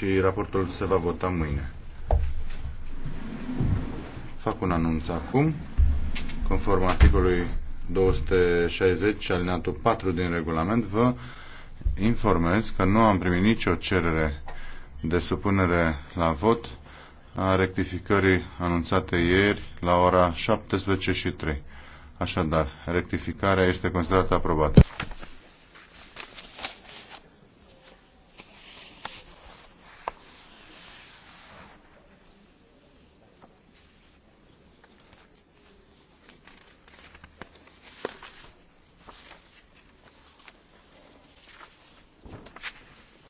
și raportul se va vota mâine. Fac un anunț acum, conform articolului 260 alineatul 4 din regulament, vă informez că nu am primit nicio cerere de supunere la vot a rectificării anunțate ieri la ora 17.03. Așadar, rectificarea este considerată aprobată.